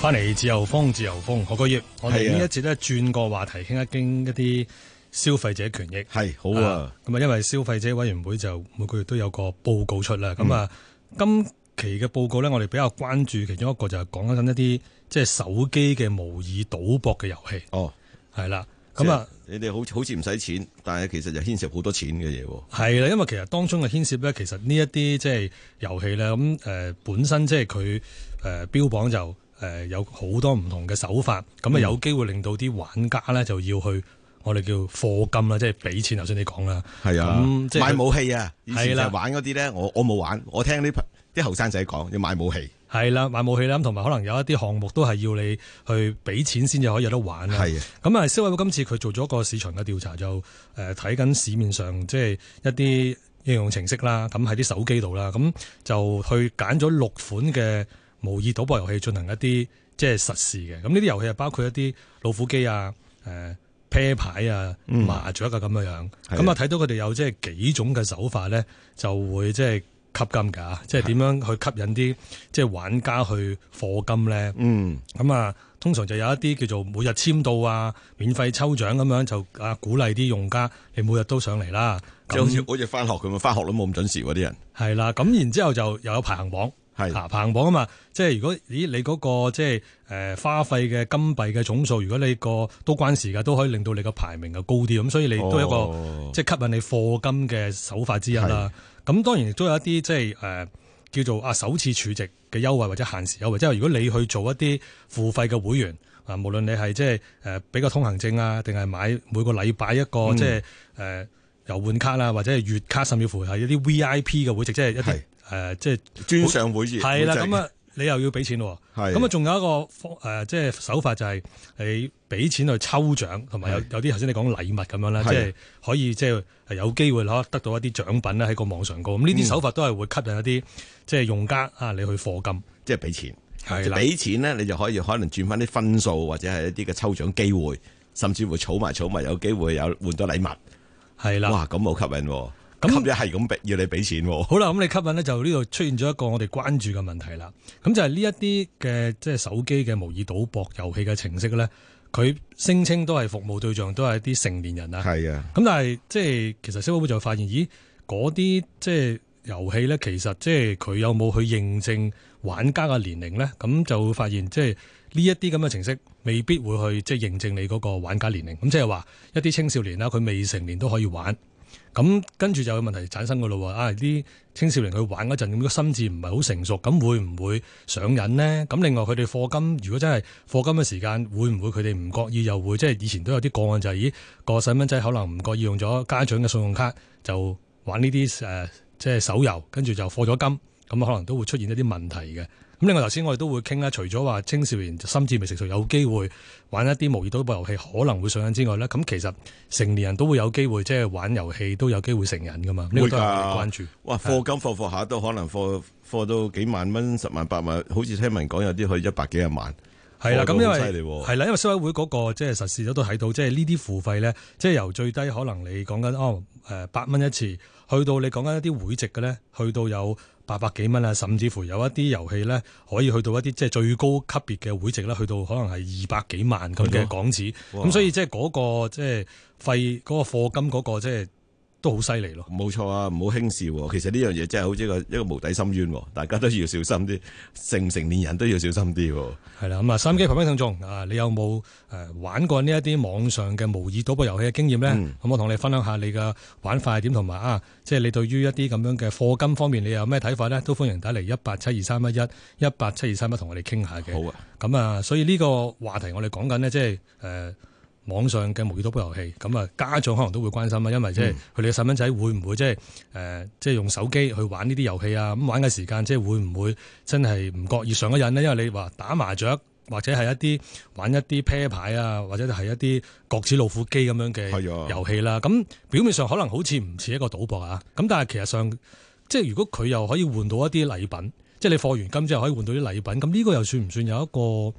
翻嚟自由風，自由風，何個月我哋呢一節咧轉個話題，傾一傾一啲消費者權益。係好啊！咁啊，因為消費者委員會就每個月都有個報告出啦。咁、嗯、啊，今期嘅報告咧，我哋比較關注其中一個就係講緊一啲即係手機嘅模擬賭博嘅遊戲。哦，係啦。咁啊，啊你哋好好似唔使錢，但係其實就牽涉好多錢嘅嘢。係啦，因為其實當中嘅牽涉咧，其實呢一啲即係遊戲咧，咁、呃、誒本身即係佢誒標榜就。誒有好多唔同嘅手法，咁啊有機會令到啲玩家咧就要去我哋叫課金啦，即係俾錢。頭先你講啦，係啊，買、嗯、武器啊，以前就、啊、玩嗰啲咧，我我冇玩，我聽啲啲後生仔講要買武器。係啦、啊，買武器啦，咁同埋可能有一啲項目都係要你去俾錢先至可以有得玩啦。係啊，咁啊消委會今次佢做咗個市場嘅調查，就睇緊市面上即係、就是、一啲應用程式啦，咁喺啲手機度啦，咁就去揀咗六款嘅模擬賭博遊戲進行一啲即係實事嘅，咁呢啲遊戲包括一啲老虎機啊、誒、呃、啤牌啊、嗯、麻雀啊咁樣樣，咁啊睇到佢哋有即係幾種嘅手法咧，就會即係吸金噶，即係點樣去吸引啲即係玩家去課金咧？嗯，咁啊通常就有一啲叫做每日簽到啊、免費抽獎咁樣就啊鼓勵啲用家，你每日都上嚟啦。就好似好似翻學咁啊，翻學都冇咁準時喎啲人。係啦，咁然之後就又有排行榜。係，是啊排行榜啊嘛，即係如果咦你嗰、那個即係誒、呃、花費嘅金幣嘅總數，如果你個都關事嘅，都可以令到你個排名啊高啲，咁所以你都係一個、哦、即係吸引你課金嘅手法之一啦。咁是當然亦都有一啲即係誒、呃、叫做啊首次儲值嘅優惠或者限時優惠，即係如果你去做一啲付費嘅會員啊，無論你係即係誒俾個通行證啊，定係買每個禮拜一個、嗯、即係誒、呃、遊玩卡啊，或者係月卡，甚至乎係一啲 V I P 嘅會籍，是即係一啲。誒，即係尊上會員，係啦的，咁啊，你又要俾錢喎。係的，咁啊，仲有一個方誒，即、呃、係、就是、手法就係你俾錢去抽獎，同埋的有有啲頭先你講禮物咁樣啦，即係的可以即係、就是、有機會攞得到一啲獎品咧喺個網上高。咁呢啲手法都係會吸引一啲即係用家啊，你去課金，即係俾錢。係啦的，俾錢咧，你就可以可能轉翻啲分數，或者係一啲嘅抽獎機會，甚至乎儲埋儲埋有機會有換到禮物。係啦的，哇，咁好吸引喎、啊！咁一係咁俾要你俾錢喎、哦。好啦，咁你吸引咧就呢度出現咗一個我哋關注嘅問題啦。咁就係呢一啲嘅即係手機嘅模擬賭博遊戲嘅程式咧，佢聲稱都係服務對象都係啲成年人啊。係啊。咁但係即係其實消委會就發現，咦嗰啲即係遊戲咧，其實即係佢有冇去認證玩家嘅年齡咧？咁就會發現即係呢一啲咁嘅程式，未必會去即係認證你嗰個玩家年齡。咁即係話一啲青少年啦，佢未成年都可以玩。咁跟住就有問題產生噶咯喎！啊啲青少年去玩嗰陣，咁個心智唔係好成熟，咁會唔會上癮呢？咁另外佢哋課金，如果真係課金嘅時間，會唔會佢哋唔覺意又會？即係以前都有啲個案就係、是，咦、個細蚊仔可能唔覺意用咗家長嘅信用卡就玩呢啲誒，即係手遊，跟住就課咗金，咁可能都會出現一啲問題嘅。咁另外，頭先我哋都會傾啦，除咗話青少年心智未成熟，有機會玩一啲模擬賭博遊戲可能會上癮之外咧，咁其實成年人都會有機會，即係玩遊戲都有機會成癮噶嘛？會噶的。會關注哇，課金課課下都可能課，課到幾萬蚊、十萬、八萬，好似聽聞講有啲去一百幾廿萬。係啦的，咁因為係啦，因為消委會嗰、那個即係實事咗都睇到，即係呢啲付費咧，即係由最低可能你講緊哦、呃、八蚊一次，去到你講緊一啲會籍嘅咧，去到有。八百幾蚊啊，甚至乎有一啲遊戲咧，可以去到一啲即係最高級別嘅會籍咧，去到可能係二百幾萬咁嘅港紙，咁所以即係嗰個即係、即係、費嗰個課金嗰個即係。即係都好犀利咯，冇錯啊！唔好輕視，其實呢樣嘢真係好似個一個無底深淵，大家都要小心啲，成成年人都要小心啲。係啦，咁啊，收音機旁邊聽眾啊，你有冇誒玩過呢一啲網上嘅模擬賭博遊戲嘅經驗咧？咁、嗯、我同你分享下你嘅玩法係點，同埋啊，即、就、係、是、你對於一啲咁樣嘅課金方面，你有咩睇法咧？都歡迎打嚟一八七二三一一，一八七二三一同我哋傾下嘅。好啊，咁啊，所以呢個話題我哋講緊呢，即係誒。網上嘅模擬賭博遊戲，咁啊家長可能都會關心啊，因為即係佢哋嘅細蚊仔會唔會即係誒即係用手機去玩呢啲遊戲啊？咁玩嘅時間即係會唔會真係唔覺意上癮呢？因為你話打麻雀或者係一啲玩一啲啤牌啊，或者係一啲角子老虎機咁樣嘅遊戲啦。咁是、啊、表面上可能好似唔似一個賭博啊，咁但係其實上即係如果佢又可以換到一啲禮品，即係你課完金之後可以換到啲禮品，咁呢個又算唔算有一個？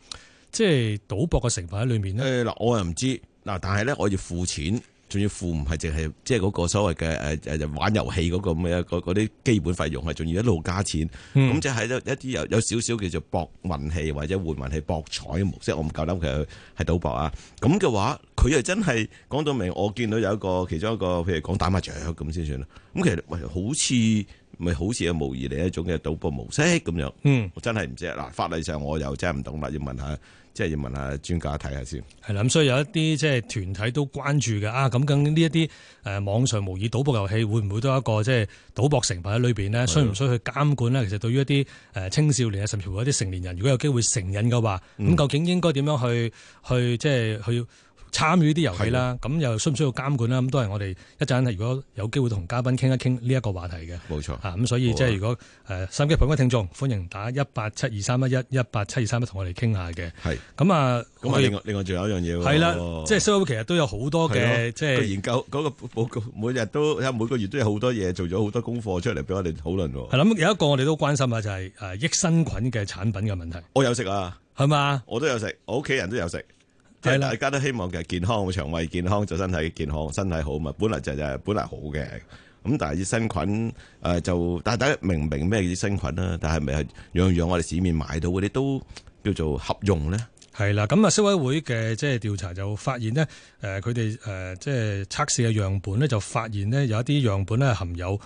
即係賭博嘅成分喺裏面咧。嗱，我又唔知嗱，但係咧我要付錢，仲要付唔係淨係即係嗰個所謂嘅誒誒玩遊戲嗰個咁嘅嗰啲基本費用，係仲要一路加錢。咁即係一啲有有少少叫做博運氣或者換運氣博彩嘅模式，我唔夠膽其實係賭博啊。咁嘅話，佢又真係講到明，我見到有一個其中一個，譬如講打麻雀咁先算啦。咁其實喂，好似。咪好似有模擬嚟一種嘅賭博模式咁樣，嗯，我真係唔知啦。法例上我又真係唔懂啦，要問下，即係要問下專家睇下先。係啦，咁所以有一啲即係團體都關注嘅啊，咁究竟呢一啲誒網上模擬賭博遊戲會唔會都有一個即係賭博成分喺裏面呢？的需唔需要去監管呢？其實對於一啲青少年啊，甚至乎一啲成年人，如果有機會成癮嘅話，咁，嗯，究竟應該點樣去去即係去？去去參與啲遊戲啦，咁又需唔需要監管啦？咁都係我哋一陣，如果有機會同嘉賓傾一傾呢一個話題嘅。冇錯，咁所以即係如果誒收機嘅朋友聽眾，歡迎打一八七二三一一一八七二三一同我哋傾下嘅。係。咁啊，咁另外另外仲有一樣嘢喎。係啦，即係收其實都有好多嘅，即係研究嗰個報告，每日都即係每個月都有好多嘢做咗好多功課出嚟俾我哋討論。係啦，有一個我哋都關心下就係益生菌嘅產品嘅問題。我有食啊，係嘛？我都有食，我屋企人都有食。係啦，大家都希望嘅健康，腸胃健康就身體健康，身體好嘛。本來就就係，本來好嘅，咁但係益生菌誒、呃，就但係大家明唔明咩叫益生菌啊？但係咪樣樣我哋市面買到嗰啲都叫做合用咧？係啦，咁啊，消委會嘅即係調查就發現呢，誒、呃，佢哋誒，即係測試嘅樣本咧，就發現呢，有一啲樣本咧含有。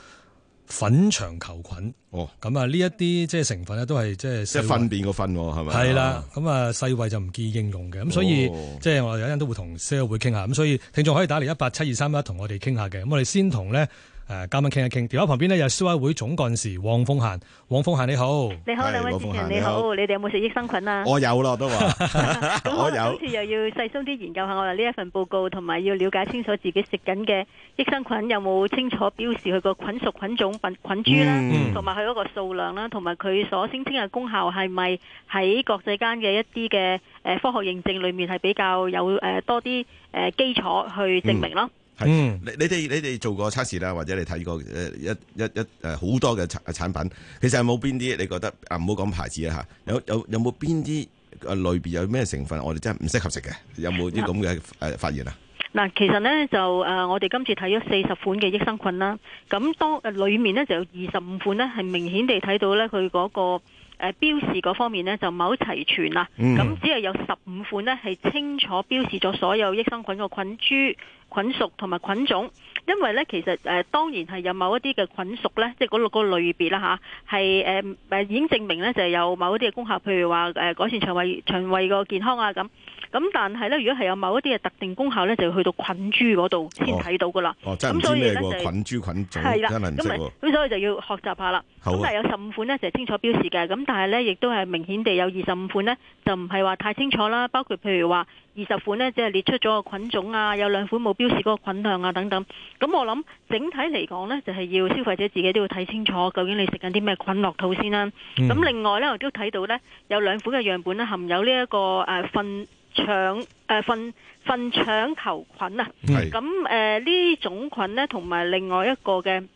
粉腸球菌哦，咁啊呢一啲即係成分呢都係即係，即係糞便個糞係咪？係啦，咁啊世衛就唔建議應用嘅，咁所以、哦、即係我哋有陣都會同 share 會傾下，咁所以聽眾可以打嚟一八七二三一同我哋傾下嘅，咁我哋先同呢誒，嘉賓傾一傾。電話旁邊呢有消委會總幹事黃鳳嫻，黃鳳嫻你好。你好，兩位主持人你好，你哋有冇食益生菌啊？我有啦，我都話。咁我好似又要細心啲研究下我哋呢一份報告，同埋要了解清楚自己食緊嘅益生菌有冇清楚標示佢個菌屬、菌種、菌菌株啦，同埋佢嗰個數量啦，同埋佢所聲稱嘅功效係咪喺國際間嘅一啲嘅、誒科學認證裏面係比較有誒多啲誒基礎去證明咯？係，你你哋你哋做過測試啦，或者你睇過誒一一一誒好多嘅產產品，其實有冇邊啲你覺得啊，唔好講牌子啊吓？有有有冇邊啲誒類別有咩成分？我哋真係唔適合食嘅，有冇啲咁嘅誒發現啊？嗱，其實呢，就誒，我哋今次睇咗四十款嘅益生菌啦，咁當誒裏面呢，就有二十五款呢，係明顯地睇到呢，佢嗰個誒標示嗰方面呢，就唔係好齊全啦，咁只係有十五款呢，係清楚標示咗所有益生菌個菌株。菌屬同埋菌種，因為咧其實誒、呃、當然係有某一啲嘅菌屬咧，即係嗰六個類別啦吓，係誒誒已經證明咧就係、是、有某一啲嘅功效，譬如話誒、呃、改善腸胃腸胃個健康啊咁。咁但係咧如果係有某一啲嘅特定功效咧，就要去到菌株嗰度先睇到噶啦、哦。哦，嗯、真係唔知你個菌株菌種，真係唔識喎。咁所以就要學習下啦。好、啊，但係有十五款咧就係清楚標示嘅，咁但係咧亦都係明顯地有二十五款呢，就唔係話太清楚啦，包括譬如話二十款呢，即、就、係、是、列出咗個菌種啊，有兩款冇。表示嗰個菌量啊等等，咁我諗整體嚟講呢，就係要消費者自己都要睇清楚，究竟你食緊啲咩菌落肚先啦。咁另外呢，我亦都睇到呢，有兩款嘅樣本呢含有呢一個誒糞腸誒糞糞腸球菌啊。咁誒呢種菌呢，同埋另外一個嘅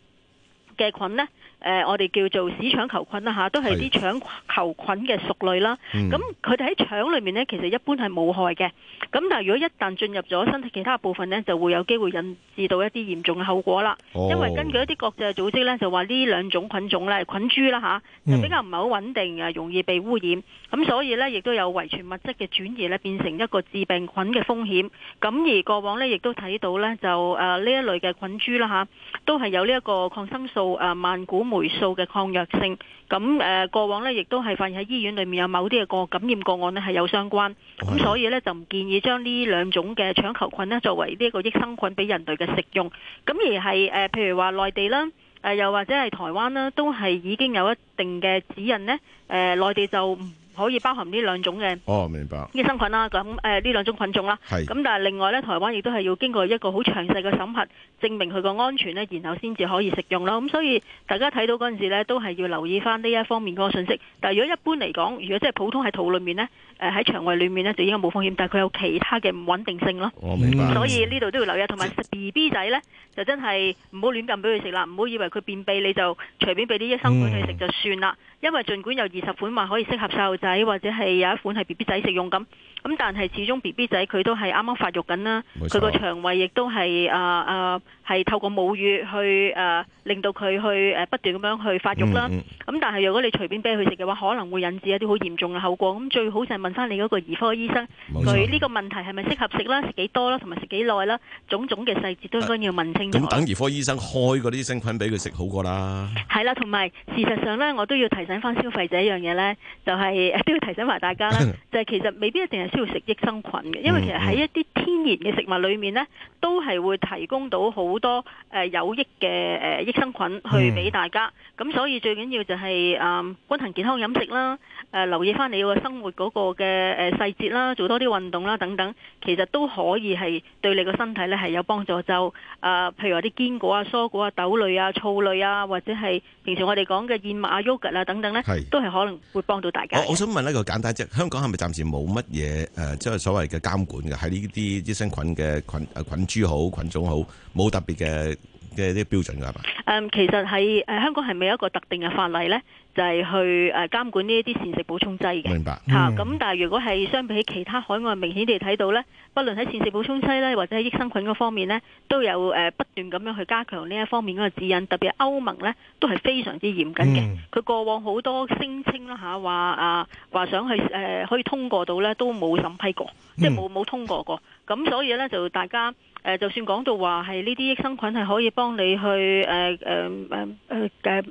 嘅菌呢。誒、呃，我哋叫做屎腸球菌啦，都係啲腸球菌嘅屬類啦。咁佢哋喺腸裏面呢，其實一般係冇害嘅。咁、嗯、但係如果一旦進入咗身體其他部分呢，就會有機會引致到一啲嚴重嘅後果啦。哦、因為根據一啲國際組織呢，就話呢兩種菌種咧，菌株啦就比較唔係好穩定啊，容易被污染。咁所以呢，亦都有遺傳物質嘅轉移呢，變成一個致病菌嘅風險。咁而過往呢，亦都睇到呢，就誒呢、呃、一類嘅菌株啦都係有呢一個抗生素、呃、萬古霉素嘅抗藥性，咁誒，過往呢，亦都係發現喺醫院裏面有某啲嘅個感染個案呢係有相關，咁所以呢就唔建議將呢兩種嘅腸球菌呢作為呢一個益生菌俾人類嘅食用，咁而係誒，譬如話內地啦，誒又或者係台灣啦，都係已經有一定嘅指引呢。誒內地就，可以包含呢兩種嘅哦，明白益生菌啦，咁誒呢兩種菌種啦，咁是但係另外呢，台灣亦都係要經過一個好詳細嘅審核，證明佢嘅安全呢，然後先至可以食用囉。咁所以大家睇到嗰陣時呢，都係要留意翻呢一方面嗰個信息。但係如果一般嚟講，如果即係普通喺肚裏面呢。誒喺腸胃裏面呢，就應該冇風險，但佢有其他嘅唔穩定性咯。我明白，所以呢度都要留意。同埋 B B 仔呢， 就真係唔好亂咁俾佢食啦，唔好以為佢便秘你就隨便俾啲益生菌佢食就算啦。嗯、因為儘管有二十款話可以適合細路仔，或者係有一款係 B B 仔食用咁，咁但係始終 B B 仔佢都係啱啱發育緊啦，佢個沒錯 腸胃亦都係啊啊～、呃呃係透過母乳去誒、呃，令到佢去誒、呃、不斷咁樣去發育啦。咁、嗯、但係如果你隨便俾佢食嘅話，可能會引致一啲好嚴重嘅後果。咁最好就係問翻你嗰個兒科醫生，佢呢錯個問題係咪適合食啦？食幾多啦？同埋食幾耐啦？種種嘅細節都應該要問清楚。咁等兒科醫生開嗰啲益生菌俾佢食好過啦。係啦，同埋事實上呢，我都要提醒翻消費者一樣嘢呢，就係、是、都要提醒埋大家啦。 就係其實未必一定係需要食益生菌嘅，因為其實喺一啲天然嘅食物裡面呢，都係會提供到好好多誒有益嘅誒益生菌去俾大家，咁所以最緊要就係誒均衡健康飲食啦，誒留意翻你個生活嗰個嘅誒細節啦，做多啲運動啦等等，其實都可以係對你個身體咧係有幫助。就誒譬如話啲堅果啊、蔬果啊、豆類啊、醋類啊，或者係平時我哋講嘅燕麥啊、yogurt 啊等等咧，都係可能會幫到大家。我我想問一個簡單啫，香港係咪暫時冇乜嘢誒，即係所謂嘅監管嘅喺呢啲益生菌嘅菌誒菌株好、菌種好，冇特。別嘅嘅啲標準係嘛？誒，其實喺誒香港係咪有一個特定嘅法例咧？就係去誒監管呢一啲膳食補充劑嘅，明白嚇。咁、嗯啊、但係如果係相比起其他海外，明顯地睇到呢，不論喺膳食補充劑呢，或者係益生菌嗰方面呢，都有誒不斷咁樣去加強呢一方面嗰個指引。特別係歐盟呢，都係非常之嚴謹嘅。佢、嗯、過往好多聲稱啦嚇，話啊話、啊、想去誒、啊、可以通過到呢，都冇審批過，嗯、即係冇冇通過過。咁所以呢，就大家誒，就算講到話係呢啲益生菌係可以幫你去誒誒誒誒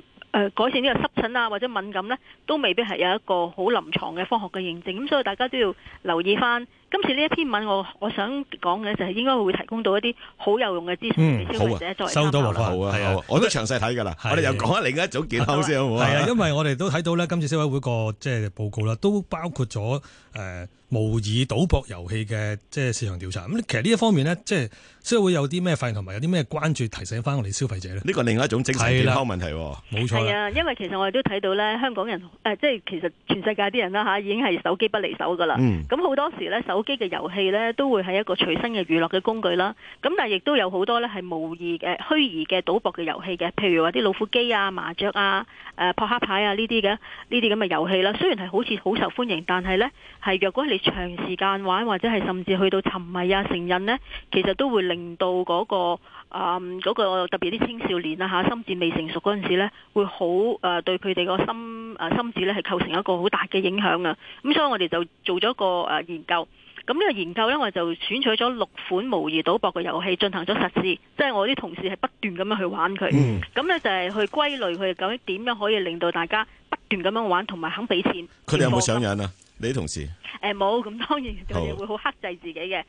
改善呢個濕疹啊或者敏感呢，都未必係有一個好臨床嘅科學嘅認證，咁所以大家都要留意返。今次呢一篇文，我我想講嘅就係應該會提供到一啲好有用嘅資訊俾消費者作為參考，收多冇錯啊。啊啊我都詳細睇㗎啦。啊、我哋又講下另一種健康先好啊。係啊，因為我哋都睇到咧，今次消委會個即係報告啦，都包括咗誒模擬賭博遊戲嘅即係市場調查。咁其實呢一方面呢，即係消委會有啲咩發現同埋有啲咩關注，提醒翻我哋消費者呢？呢個另外一種整體健康問題、啊，冇、啊、錯、啊。係啊，因為其實我哋都睇到咧，香港人誒，即、呃、係其實全世界啲人啦嚇，已經係手機不離手㗎啦。咁好、嗯、多時咧手手機嘅遊戲呢，都會係一個隨身嘅娛樂嘅工具啦。咁但係亦都有好多呢，係模擬嘅、虛擬嘅賭博嘅遊戲嘅，譬如話啲老虎機啊、麻雀啊、誒、呃、撲克牌啊呢啲嘅，呢啲咁嘅遊戲啦。雖然係好似好受歡迎，但係呢，係若果你長時間玩，或者係甚至去到沉迷啊、成癮呢，其實都會令到嗰、嗰個啊、嗯嗰個特別啲青少年啊吓，心智未成熟嗰陣時呢，會好誒、呃、對佢哋個心啊、呃、心智呢，係構成一個好大嘅影響啊。咁所以我哋就做咗個誒研究。咁呢個研究呢，我就選取咗六款模擬賭博嘅遊戲進行咗實試，即係我啲同事係不斷咁樣去玩佢。咁呢、嗯、就係去歸類佢究竟點樣可以令到大家不斷咁樣玩同埋肯俾錢。佢哋有冇上癮啊？你啲同事？誒冇、欸，咁當然佢哋會好克制自己嘅。咁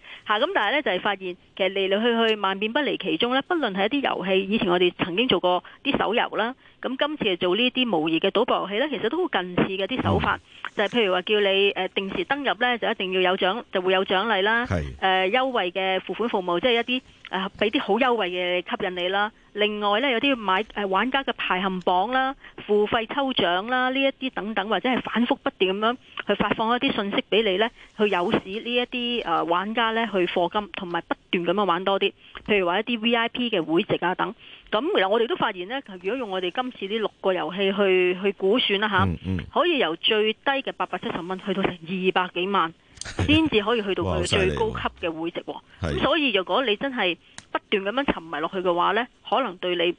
好但係呢，就係、是、發現，其實嚟嚟去去萬變不離其宗。呢，不論係一啲遊戲，以前我哋曾經做過啲手遊啦。咁今次做呢啲模擬嘅賭博遊戲呢，其實都好近似嘅啲手法，就係、是、譬如話叫你定時登入呢，就一定要有獎，就會有獎勵啦，誒是、呃、優惠嘅付款服務，即係一啲誒俾啲好優惠嘅吸引你啦。另外呢，有啲買玩家嘅排行榜啦、付費抽獎啦，呢一啲等等，或者係反覆不斷咁樣去發放一啲信息俾你呢，去有使呢一啲玩家呢去課金，同埋不斷咁樣玩多啲。譬如話一啲 VIP 嘅會籍啊等，等。咁原來我哋都發現呢，如果用我哋今似呢六個遊戲去去估算啦吓，嗯嗯、可以由最低嘅八百七十蚊去到成二百幾萬，先至的可以去到佢最高級嘅會籍。咁所以如果你真係不斷咁樣沉迷落去嘅話呢，的可能對你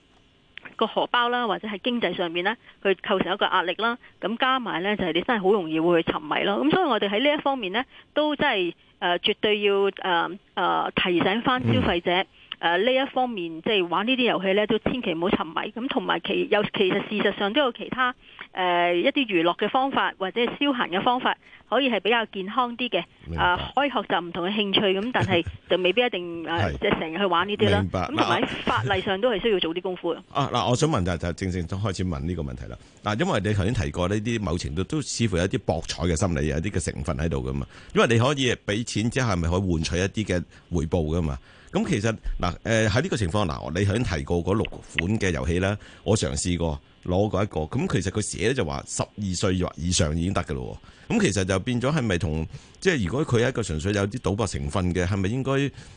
個荷包啦，或者係經濟上面呢，佢構成一個壓力啦。咁加埋呢，就係、是、你真係好容易會去沉迷咯。咁所以我哋喺呢一方面呢，都真係誒、呃，絕對要誒誒、呃呃、提醒翻消費者。嗯誒，呢一方面，即係玩呢啲遊戲咧，都千祈唔好沉迷。咁同埋其有，其實事實上都有其他。誒、呃，一啲娛樂嘅方法或者係消閒嘅方法，可以係比較健康啲嘅，明白。啊，可以學習唔同嘅興趣咁，但係就未必一定誒，即係成日去玩呢啲啦。咁同埋法例上都係需要做啲功夫嘅、啊。啊，嗱，我想問就就正正都開始問呢個問題啦。嗱，因為你頭先提過呢啲某程度都似乎有啲博彩嘅心理，有啲嘅成分喺度噶嘛。因為你可以俾錢之後，係咪可以換取一啲嘅回報噶嘛。咁其實嗱，誒喺呢個情況嗱、啊，你頭先提過嗰六款嘅遊戲啦，我嘗試過。攞過一個，咁其實佢寫咧就話十二歲或以上已經得嘅咯。咁其實就變咗係咪同即係如果佢係一個純粹有啲賭博成分嘅，係咪應該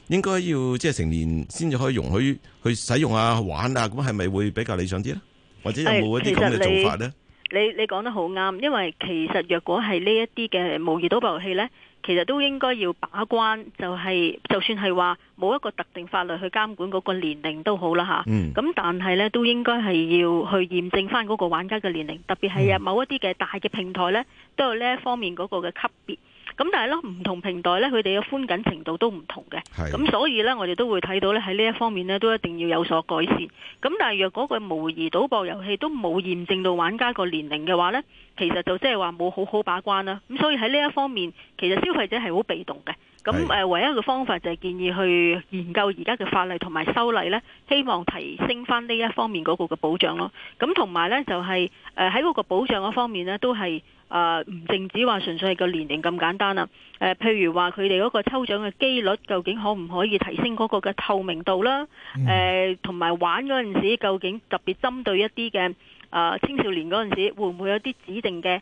應該要即係成年先至可以容許去使用啊玩啊？咁係咪會比較理想啲咧？或者有冇一啲咁嘅做法咧？你你講得好啱，因為其實若果係呢一啲嘅模擬賭博遊戲咧，其實都應該要把關，就係、是、就算係話冇一個特定法律去監管嗰個年齡都好啦吓。咁、嗯、但係呢，都應該係要去驗證翻嗰個玩家嘅年齡，特別係某一啲嘅大嘅平台呢，都有呢一方面嗰個嘅級別。咁但係囉，唔同平台咧，佢哋嘅寬緊程度都唔同嘅。咁的所以呢，我哋都會睇到咧，喺呢一方面呢，都一定要有所改善。咁但係若果個模擬賭博遊戲都冇驗證到玩家個年齡嘅話呢，其實就即係話冇好好把關啦。咁所以喺呢一方面，其實消費者係好被動嘅。咁誒，唯一嘅方法就係建議去研究而家嘅法例同埋修例呢，希望提升翻呢一方面嗰個嘅保障咯。咁同埋呢就係誒喺嗰個保障嗰方面呢，都係啊，唔淨止話純粹係個年齡咁簡單啦。誒，譬如話佢哋嗰個抽獎嘅機率究竟可唔可以提升嗰個嘅透明度啦？誒、嗯，同埋玩嗰陣時，究竟特別針對一啲嘅啊青少年嗰陣時，會唔會有啲指定嘅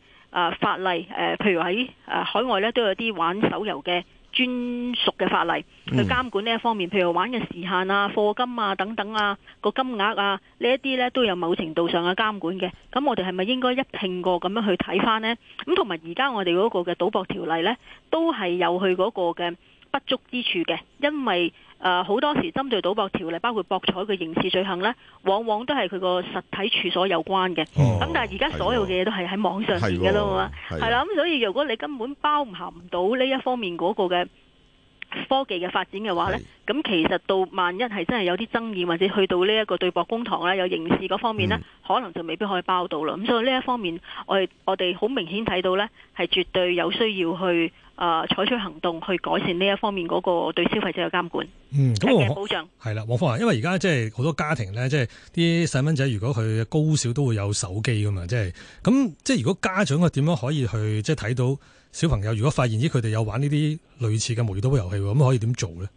法例？誒，譬如喺海外呢，都有啲玩手遊嘅。專屬嘅法例去監管呢一方面，譬如玩嘅時限啊、課金啊等等啊、嗰個金額啊呢一啲呢都有某程度上嘅監管嘅。咁我哋係咪應該一併過咁樣去睇翻呢？咁同埋而家我哋嗰個嘅賭博條例呢，都係有佢嗰個嘅。不足之處嘅，因為誒呃、好多時針對賭博條例包括博彩嘅刑事罪行咧，往往都係佢個實體處所有關嘅。咁、哦、但係而家所有嘅嘢都係喺網上面嘅咯嘛，係啦。咁所以如果你根本包唔含唔到呢一方面嗰個嘅科技嘅發展嘅話咧，咁其實到萬一係真係有啲爭議或者去到呢一個對簿公堂咧，有刑事嗰方面咧，嗯、可能就未必可以包到啦。咁所以呢一方面，我哋我哋好明顯睇到咧，係絕對有需要去，誒，採取行動去改善呢一方面嗰個對消費者嘅監管嘅保障係啦。黃鳳嫻啊，因為而家即係好多家庭咧，即係啲細蚊仔如果佢高小都會有手機噶嘛，即係咁即係如果家長嘅，點樣可以去即係睇到小朋友，如果發現咦，佢哋有玩呢啲類似嘅模擬賭遊戲喎，咁可以點做咧？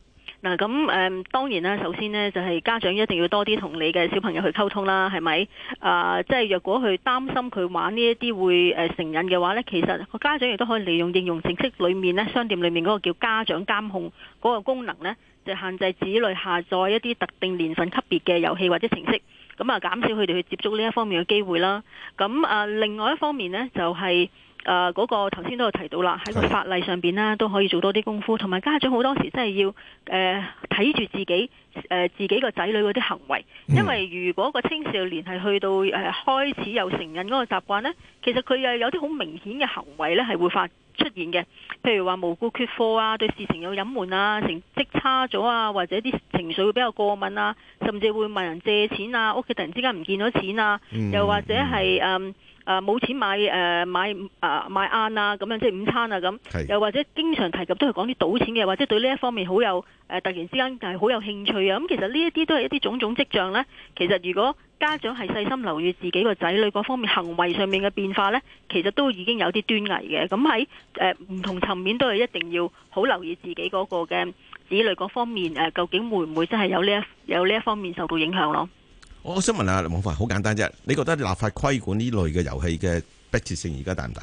嗱咁誒，當然啦，首先呢，就係家長一定要多啲同你嘅小朋友去溝通啦，係咪？啊、呃，即係若果佢擔心佢玩呢一啲會誒成癮嘅話呢，其實個家長亦都可以利用應用程式裏面呢，商店裏面嗰個叫家長監控嗰個功能呢，就限制子女下載一啲特定年份級別嘅遊戲或者程式，咁啊減少佢哋去接觸呢一方面嘅機會啦。咁啊、呃，另外一方面呢，就係。誒嗰、呃那個頭先都有提到啦，喺個法例上面啦，都可以做多啲功夫。同埋家長好多時真係要誒睇住自己誒、呃、自己個仔女嗰啲行為，因為如果個青少年係去到誒、呃、開始有成癮嗰個習慣呢，其實佢又有啲好明顯嘅行為呢係會發出現嘅。譬如話無故缺課啊，對事情有隱瞞啊，成績差咗啊，或者啲情緒會比較過敏啊，甚至會問人借錢啊，屋企突然之間唔見咗錢啊，又或者係誒冇錢買誒買，買，買啊買晏啊咁樣，即係午餐啊咁，又或者經常提及都係講啲賭錢嘅，或者對呢一方面好有誒、呃、突然之間係好有興趣啊。咁、嗯、其實呢一啲都係一啲種種跡象呢。其實如果家長係細心留意自己個仔女嗰方面行為上面嘅變化呢，其實都已經有啲端倪嘅。咁喺誒唔同層面都係一定要好留意自己嗰個嘅子女嗰方面、呃、究竟會唔會真係有呢一有呢一方面受到影響咯。我想問下，鳳嫻，好簡單啫，你覺得立法規管呢類嘅遊戲嘅迫切性而家大唔大？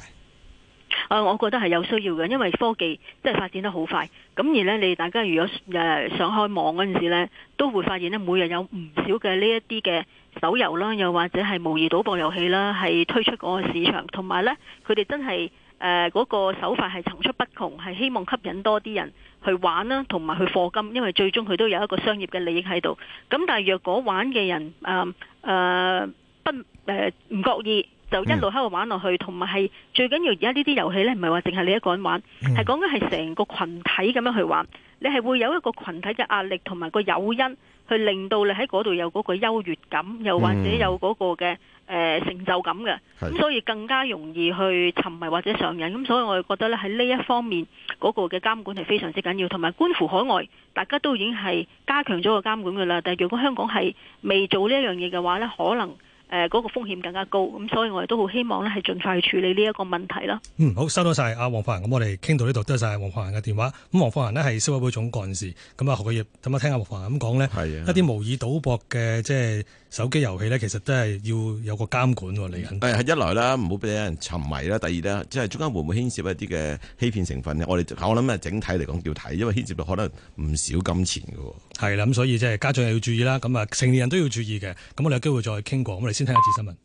啊，我覺得係有需要嘅，因為科技真係發展得好快，咁而呢，你大家如果誒上開網嗰陣時呢，都會發現呢，每日有唔少嘅呢一啲嘅手遊啦，又或者係模擬賭博遊戲啦，係推出個市場，同埋呢，佢哋真係誒嗰個手法係層出不窮，係希望吸引多啲人。去玩啦，同埋去課金，因為最終佢都有一個商業嘅利益喺度。咁但係若果玩嘅人誒誒不誒唔覺意，就一路喺度玩落去，同埋係最緊要而家呢啲遊戲咧，唔係話淨係你一個人玩，係講緊係成個羣體咁樣去玩。你係會有一個羣體嘅壓力同埋個誘因，去令到你喺嗰度有嗰個優越感，又或者有嗰個嘅。呃、成就感嘅，咁所以更加容易去沉迷或者上癮。咁所以我哋覺得咧，喺呢一方面嗰個嘅監管係非常之緊要，同埋觀乎海外，大家都已經係加強咗個監管嘅啦。但係如果香港係未做呢一樣嘢嘅話咧，可能。誒嗰個風險更加高，咁所以我哋都好希望咧，係盡快去處理呢一個問題啦。嗯，好，收到晒阿黃鳳嫻，咁我哋傾到呢度，多謝黃鳳嫻嘅電話。咁黃鳳嫻呢係消委會總幹事，咁啊學佢業，咁啊聽下黃鳳嫻咁講呢，啊、一啲模擬賭博嘅即係手機遊戲呢，其實都係要有個監管喎，你、嗯。一來啦，唔好俾人沉迷啦，第二呢，即係中間會唔會牽涉一啲嘅欺騙成分呢？我哋諗啊，想整體嚟講要睇，因為牽涉到可能唔少金錢嘅、哦。係啦、啊，咁所以即係家長要注意啦，咁啊成年人都要注意嘅。咁我哋有機會再傾過，先聽一次新聞，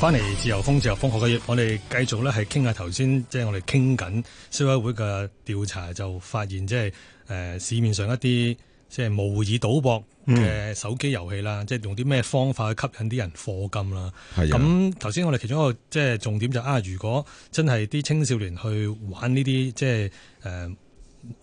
翻嚟自由風，自由風，何家悅，我哋繼續咧係傾下頭先，即係我哋傾緊消委會嘅調查，就發現即係誒、呃、市面上一啲即係模擬賭博嘅手機遊戲啦，嗯、即係用啲咩方法去吸引啲人課金啦。係咁頭先我哋其中一個即係重點就是，啊，如果真係啲青少年去玩呢啲即係誒。呃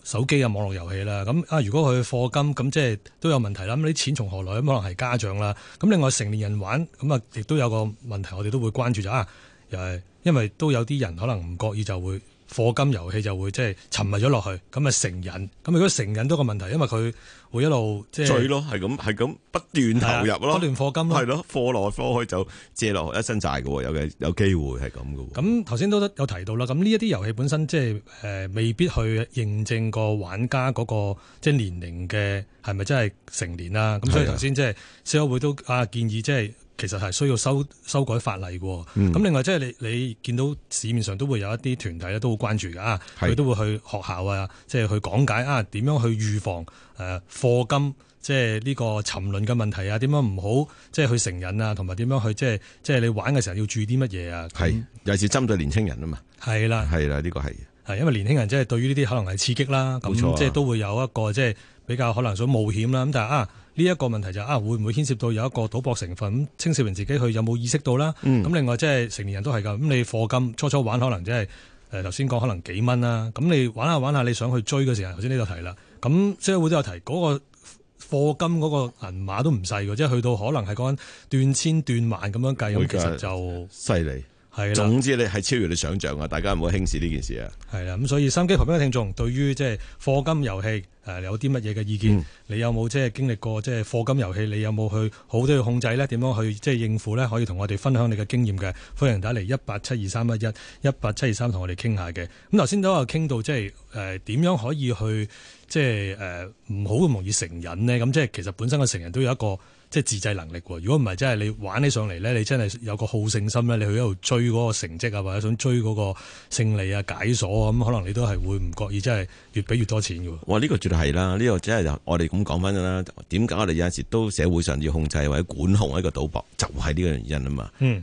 手機啊網絡遊戲啦，咁啊如果佢課金咁，即係都有問題啦。咁啲錢從何來？咁可能係家長啦。咁另外成年人玩咁啊，亦都有個問題，我哋都會關注就啊，又係因為都有啲人可能唔覺意就會。課金遊戲就會即係沉迷咗落去，咁啊成癮，咁如果成癮都個問題，因為佢會一路即係追咯，係咁，係咁不斷投入咯，不斷課金咯，係咯，課來課去就借落一身債嘅喎，有嘅有機會係咁嘅喎。咁頭先都有提到啦，咁呢一啲遊戲本身即係誒未必去認證個玩家嗰個即係年齡嘅係咪真係成年啦、啊？咁的所以頭先即係消委會都啊建議即係。其實係需要修修改法例嘅，咁、嗯、另外即係你你見到市面上都會有一啲團體咧都會關注嘅啊，佢是都會去學校啊，即、就、係、是、去講解啊點樣去預防誒課金，即係呢個沉淪嘅問題啊，點樣唔好即係去成癮啊，同埋點樣去即係即係你玩嘅時候要注意啲乜嘢啊？係，尤其是針對年輕人啊嘛。係啦的，係啦的，呢個係係因為年輕人即係對於呢啲可能係刺激啦，咁即係都會有一個即係比較可能想冒險啦，咁但係啊。呢一個問題就、啊，會唔會牽涉到有一個賭博成分？咁青少年自己去，有冇意識到啦？咁、嗯、另外即係成年人都係噶。咁你課金初初玩可能即係誒頭先講可能幾蚊啦、啊。咁你玩下玩下你想去追嘅嗰陣，頭先呢度提啦。咁即係會都有提嗰、嗰個課金嗰個銀碼都唔細喎，即、就、係、是、去到可能係講斷千斷萬咁樣計，咁每家 其實就犀利。係啦，是總之你係超越你想象啊。大家唔好輕視呢件事啊！係啦，咁所以三機旁邊嘅聽眾，對於即係課金遊戲誒有啲乜嘢嘅意見？嗯、你有冇即係經歷過即係課金遊戲？你有冇去好都要控制咧？點樣去即係應付咧？可以同我哋分享你嘅經驗嘅，歡迎打嚟一八七二三一一一八七二三同我哋傾下嘅。咁頭先都有傾到即係誒點樣可以去即係誒唔好咁容易成癮呢？咁即係其實本身嘅成人都有一個。即係自制能力喎。如果唔係，真係你玩起上嚟咧，你真係有個好勝心咧，你去一路追嗰個成績啊，或者想追嗰個勝利啊、解鎖咁，可能你都係會唔覺意，真係越畀越多錢嘅喎。哇！呢個絕對係啦，呢個真係我哋咁講翻啦。點解我哋有陣時都社會上要控制或者管控一個賭博，就係呢個原因啊嘛。嗯。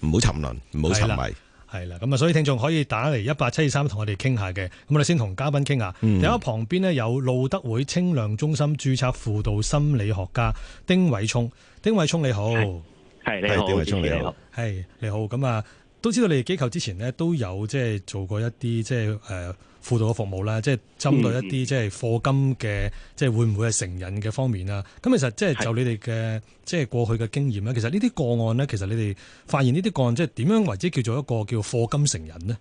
唔好沉淪，唔好沉迷。係啦，咁啊，所以聽眾可以打嚟一八七二三同我哋傾下嘅。咁我哋先同嘉賓傾下。有、嗯，喺旁邊呢有路德會青亮中心註冊輔導心理學家丁偉聰。丁偉聰你好，係你好，丁偉聰你好，係你好。咁啊。都知道你哋機構之前咧都有即係做過一啲即係誒輔導嘅服務啦，即、就、係、是、針對一啲即係課金嘅，即係會唔會係成癮嘅方面啊？咁、嗯、其實即係就你哋嘅即係過去嘅經驗咧，其實呢啲個案咧，其實你哋發現呢啲個案即係點樣為之叫做一個叫課金成癮呢？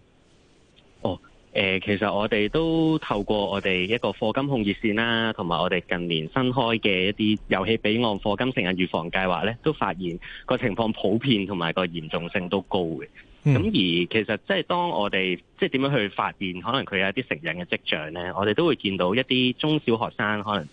哦，誒、呃，其實我哋都透過我哋一個課金控熱線啦，同埋我哋近年新開嘅一啲遊戲彼岸課金成癮預防計劃咧，都發現個情況普遍同埋個嚴重性都高嘅。咁、嗯、而其實即係當我哋即係點樣去發現可能佢有一啲成癮嘅跡象呢，我哋都會見到一啲中小學生可能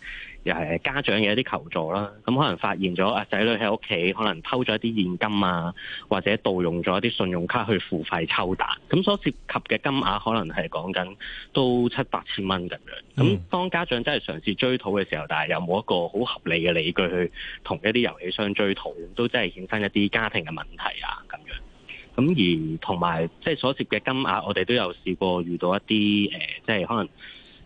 又係家長嘅一啲求助啦。咁可能發現咗啊仔女喺屋企可能偷咗一啲現金啊，或者盜用咗一啲信用卡去付費抽打。咁所涉及嘅金額可能係講緊都七八千蚊咁樣。咁、嗯、當家長真係嘗試追討嘅時候，但係又冇一個好合理嘅理據去同一啲遊戲商追討，都真係衍生一啲家庭嘅問題啊咁。咁而同埋，即係所涉嘅金額，我哋都有試過遇到一啲誒、呃、即係可能誒、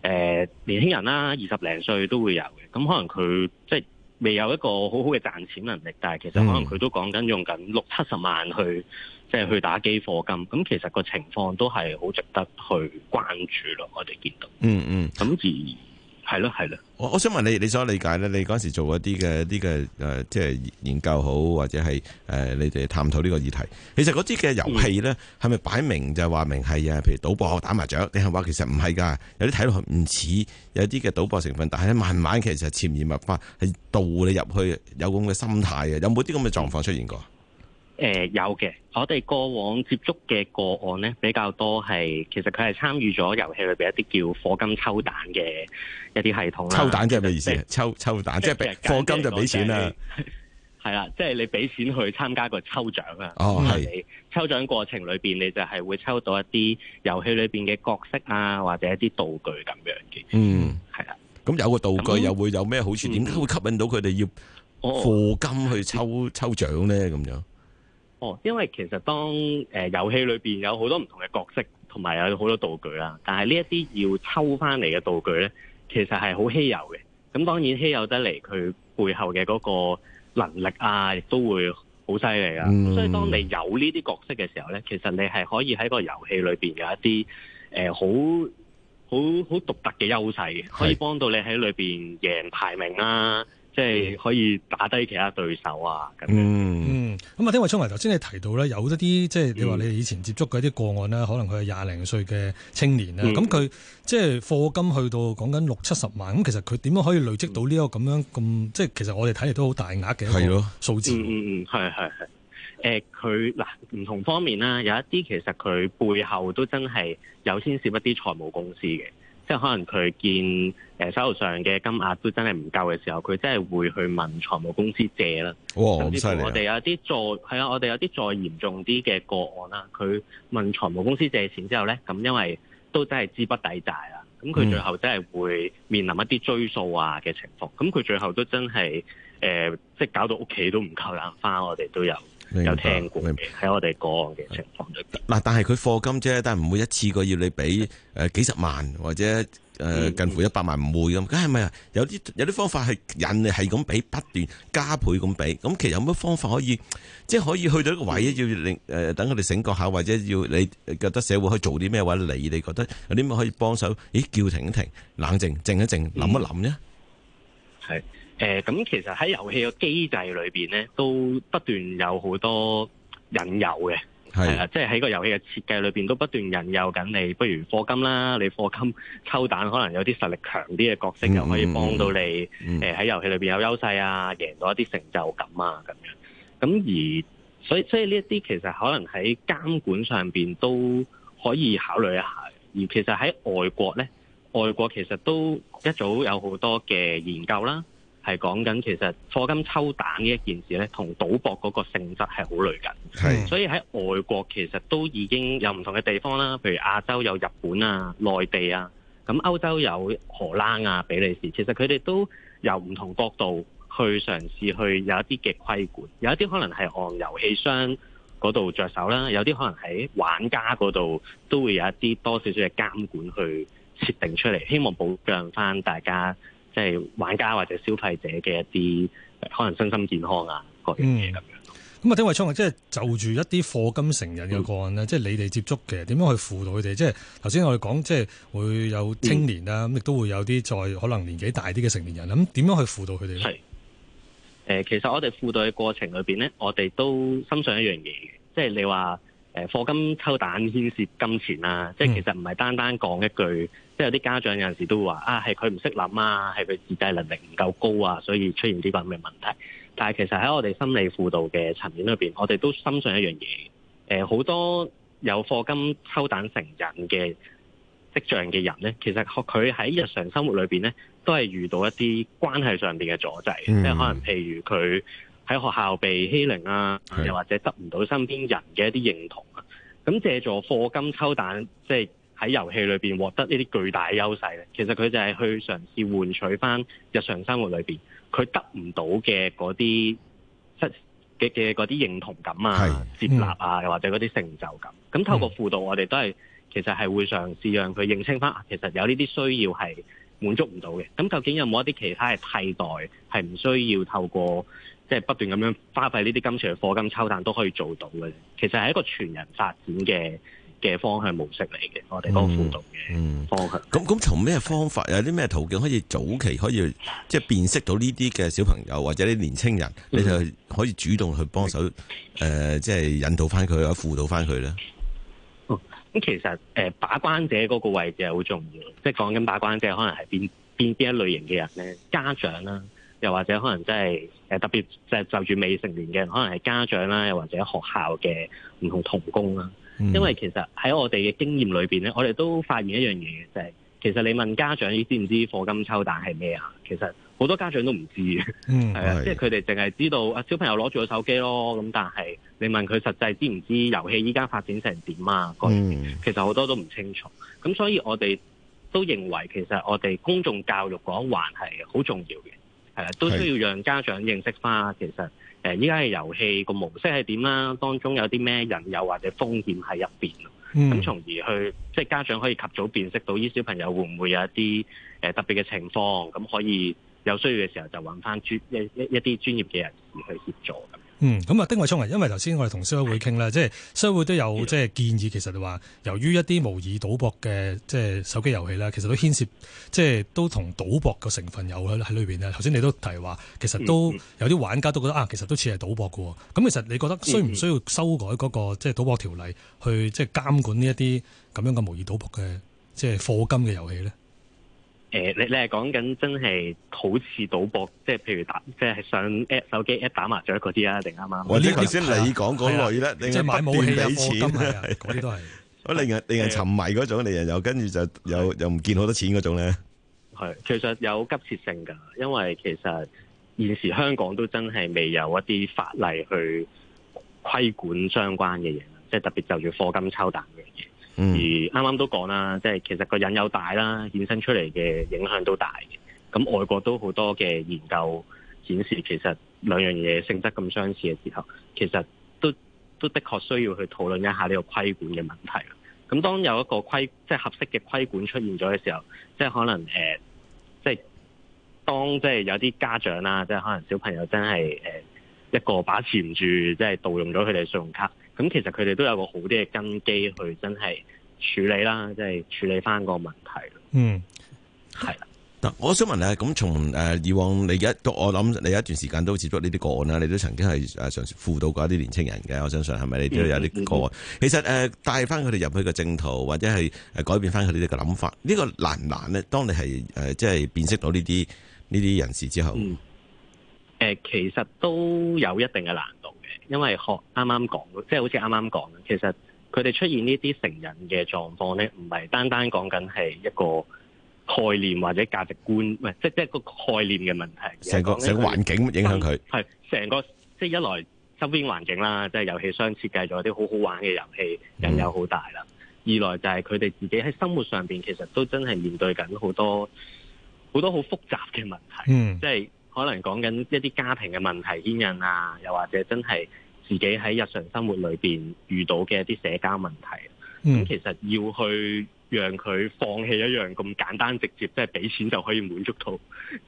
呃、年輕人啦，二十零歲都會有嘅。咁可能佢即係未有一個好好嘅賺錢能力，但係其實可能佢都講緊用緊六七十萬去，即係去打機課金。咁其實個情況都係好值得去關注咯。我哋見到，嗯嗯，咁而。係咯係咯，我我想問你，你所理解咧，你嗰時做一啲嘅啲嘅誒，即係研究好，或者係誒、呃，你哋探討呢個議題。其實嗰啲嘅遊戲咧，係咪擺明就話明係啊？譬如賭博打、打麻雀，定係話其實唔係噶？有啲睇落去唔似，有啲嘅賭博成分，但係慢慢其實潛移默化，係導你入去有咁嘅心態嘅。有冇啲咁嘅狀況出現過？誒、呃，有嘅，我哋過往接觸嘅個案咧比較多係，其實佢係參與咗遊戲裏邊一啲叫課金抽蛋嘅一啲系統啦實。抽蛋即係咩意思？抽抽蛋即係俾課金就俾錢啦，係啦，即係你俾錢去參加個抽獎啊！哦，係抽獎過程裏邊，你就係會抽到一啲遊戲裏邊嘅角色啊，或者一啲道具咁樣嘅。嗯，係啦的。咁、嗯、有個道具又會有咩好處？點解、嗯、會吸引到佢哋要課金去抽、哦、抽獎咧？咁樣？哦，因為其實當呃遊戲裏邊有好多唔同嘅角色，同埋有好多道具啦。但係呢一啲要抽翻嚟嘅道具咧，其實係好稀有嘅。咁當然稀有得嚟，佢背後嘅嗰個能力啊，亦都會好犀利啦，嗯、所以當你有呢啲角色嘅時候咧，其實你係可以喺個遊戲裏邊有一啲誒好好好獨特嘅優勢嘅，可以幫到你喺裏邊贏排名啊。即係可以打低其他對手啊咁嗯嗯。咁樣、嗯、啊，丁偉聰頭先你提到咧，有一啲即係你話你哋以前接觸嗰啲個案咧，嗯、可能佢係廿零歲嘅青年咧。咁佢、嗯、即係課金去到講緊六七十萬，咁其實佢點樣可以累積到呢個咁樣咁、嗯？即係其實我哋睇嚟都好大額嘅一個數字。嗯的嗯，係係係。誒，佢嗱唔同方面啦，有一啲其實佢背後都真係有牽涉一啲財務公司嘅。即係可能佢見誒手頭上嘅金額都真係唔夠嘅時候，佢真係會去問財務公司借啦。哇，咁犀利啊。我哋有啲再係啊，我哋有啲再嚴重啲嘅個案啦。佢問財務公司借錢之後咧，咁因為都真係資不抵債啊。咁佢最後真係會面臨一啲追數啊嘅情況。咁佢、嗯、最後都真係誒、呃，即係搞到屋企都唔夠養翻。我哋都有。有聽過喺我哋個案嘅情況度。嗱，但係佢課金啫，但係唔會一次過要你俾誒幾十萬或者誒近乎一百萬，唔會咁。咁梗係咪有啲有啲方法係引係咁俾，不斷加倍咁俾？咁其實有乜方法可以即係可以去到呢個位？要令誒等佢哋醒覺下，或者要你覺得社會可以做啲咩話？或者你哋覺得有啲乜可以幫手？咦，叫停一停，冷靜靜一靜，諗一諗咧？係。誒，咁、呃、其實喺遊戲嘅機制裏邊咧，都不斷有好多引誘嘅係即係喺個遊戲嘅設計裏邊，都不斷引誘緊你，不如課金啦，你課金抽蛋可能有啲實力強啲嘅角色，嗯、又可以幫到你。誒、嗯，喺遊戲裏邊有優勢啊，贏到一啲成就感啊，咁樣。咁、嗯、而所以，所以呢一啲其實可能喺監管上邊都可以考慮一下。而其實喺外國咧，外國其實都一早有好多嘅研究啦。係講緊其實課金抽蛋呢一件事呢，同賭博嗰個性質係好類近。的所以喺外國其實都已經有唔同嘅地方啦，譬如亞洲有日本啊、內地啊，咁歐洲有荷蘭啊、比利時，其實佢哋都由唔同角度去嘗試去有一啲嘅規管，有一啲可能係按遊戲商嗰度着手啦，有啲可能喺玩家嗰度都會有一啲多少少嘅監管去設定出嚟，希望保障翻大家。即係玩家或者消費者嘅一啲可能身心健康啊，各樣嘢咁樣。咁啊、嗯，丁偉聰啊，即係就住一啲課金成人嘅個案，咧、嗯，即係你哋接觸嘅，點樣去輔導佢哋？即係頭先我哋講，即、就、係、是就是、會有青年啊，咁亦都會有啲再可能年紀大啲嘅成年人。咁點樣去輔導佢哋咧？誒、嗯嗯嗯，其實我哋輔導嘅過程裏邊咧，我哋都深信一樣嘢，即係你話。誒，課金抽蛋牽涉金錢啊，即係其實唔係單單講一句，即係有啲家長有陣時候都會話啊，係佢唔識諗啊，係佢自制能力唔夠高啊，所以出現啲咁嘅問題。但係其實喺我哋心理輔導嘅層面裏邊，我哋都深信一樣嘢，誒、呃、好多有課金抽蛋成癮嘅跡象嘅人咧，其實佢喺日常生活裏邊咧，都係遇到一啲關係上邊嘅阻滯，嗯、即係可能譬如佢。喺學校被欺凌啊，又或者得唔到身邊人嘅一啲認同啊，咁借助課金抽蛋，即係喺遊戲裏邊獲得呢啲巨大嘅優勢咧。其實佢就係去嘗試換取翻日常生活裏邊佢得唔到嘅嗰啲嘅嘅嗰啲認同感啊、嗯、接納啊，又或者嗰啲成就感。咁透過輔導我們，我哋都係其實係會嘗試讓佢認清翻、啊，其實有呢啲需要係滿足唔到嘅。咁究竟有冇一啲其他嘅替代，係唔需要透過？即係不斷咁樣花費呢啲金錢去課金抽彈都可以做到嘅。其實係一個全人發展嘅嘅方向模式嚟嘅。我哋嗰個輔導嘅方向、嗯、嘅、嗯。咁咁從咩方法，有啲咩途徑，可以早期可以即係、就是、辨識到呢啲嘅小朋友或者啲年青人，你就可以主動去幫手，誒、嗯、即係、呃就是、引導翻佢或者輔導翻佢咧。哦、嗯，咁其實誒、呃、把關者嗰個位置係好重要，即係講緊把關者，可能係邊邊邊一類型嘅人咧，家長啦，又或者可能真係。誒特別就是、就住未成年嘅人，可能係家長啦，又或者學校嘅唔同童工啦。嗯、因為其實喺我哋嘅經驗裏面，咧，我哋都發現一樣嘢，就係、是、其實你問家長，你知唔知課金抽蛋係咩啊？其實好多家長都唔知嘅，係啊，即係佢哋淨係知道啊小朋友攞住個手機咯。咁但係你問佢實際知唔知遊戲依家發展成點啊？嗰樣、嗯、其實好多都唔清楚。咁所以我哋都認為其實我哋公眾教育嗰一環係好重要嘅。都需要讓家長認識翻，其實誒依家嘅遊戲個模式係點啦，當中有啲咩人又或者風險喺入邊，咁、嗯、從而去即係家長可以及早辨識到啲小朋友會唔會有一啲特別嘅情況，咁可以有需要嘅時候就揾翻一一啲專業嘅人士去協助。嗯，咁啊，丁偉聰啊，因為頭先我哋同消委會傾啦，即係商會都有即係建議，其實話由於一啲模擬賭博嘅即係手機遊戲啦，其實都牽涉，即係都同賭博嘅成分有喺喺裏邊咧。頭先你都提話，其實都有啲玩家都覺得啊，其實都似係賭博噶。咁其實你覺得需唔需要修改嗰個即係賭博條例去這這博，去即係監管呢一啲咁樣嘅模擬賭博嘅即係課金嘅遊戲咧？欸、你你係講緊真係好似賭博，即係譬如打，即係上手機 a 打麻雀嗰啲啊，定啱啱？我呢頭先你講嗰類咧，你係買武器課金、課金是啊、嗰啲都係。啊，人令人沉迷嗰種，令人又跟住就又又唔見好多錢嗰種咧。啊啊、其實有急切性㗎，因為其實現時香港都真係未有一啲法例去規管相關嘅嘢，即係特別就要課金抽蛋嘅嗯、而啱啱都講啦，即係其實個引誘大啦，衍生出嚟嘅影響都大嘅。咁外國都好多嘅研究顯示，其實兩樣嘢性質咁相似嘅時候，其實都都的確需要去討論一下呢個規管嘅問題。咁當有一個規即係合適嘅規管出現咗嘅時候，即係可能、呃、即係當即係有啲家長啦，即係可能小朋友真係、呃、一個把持唔住，即係盜用咗佢哋信用卡。咁其實佢哋都有個好啲嘅根基去真係處理啦，即係處理翻個問題。嗯，係啦。嗱，我想問下，咁從誒以往你而家都，我諗你有一段時間都接觸呢啲個案啦，你都曾經係誒嘗試輔導過一啲年輕人嘅，我相信係咪你都有啲個案？嗯，嗯，嗯，其實誒帶翻佢哋入去個正途，或者係改變翻佢哋嘅諗法，呢個難唔難呢？當你係誒即係辨識到呢啲呢啲人士之後、嗯，其實都有一定嘅難。因為學啱啱講，即係好似啱啱講，其實佢哋出現呢啲成人嘅狀況咧，唔係單單講緊係一個概念或者價值觀，唔係即即係個概念嘅問題。成個成個環境影響佢。係成個即係一來周邊環境啦，即係遊戲商設計咗啲好好玩嘅遊戲，嗯、人有好大啦。二來就係佢哋自己喺生活上邊，其實都真係面對緊好多好多好複雜嘅問題。嗯，即係。可能講緊一啲家庭嘅問題牽引啊，又或者真係自己喺日常生活裏邊遇到嘅一啲社交問題，咁其實要去讓佢放棄一樣咁簡單直接，即係俾錢就可以滿足到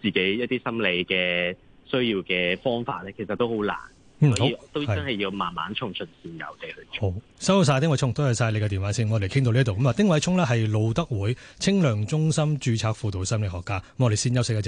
自己一啲心理嘅需要嘅方法咧，其實都好難。嗯，好，都真係要慢慢從循線由地去做。好，收咗曬丁偉聰，多謝曬你嘅電話先，我哋傾到呢度。咁啊，丁偉聰咧係路德會青亮中心註冊輔導心理學家。咁我哋先休息一陣。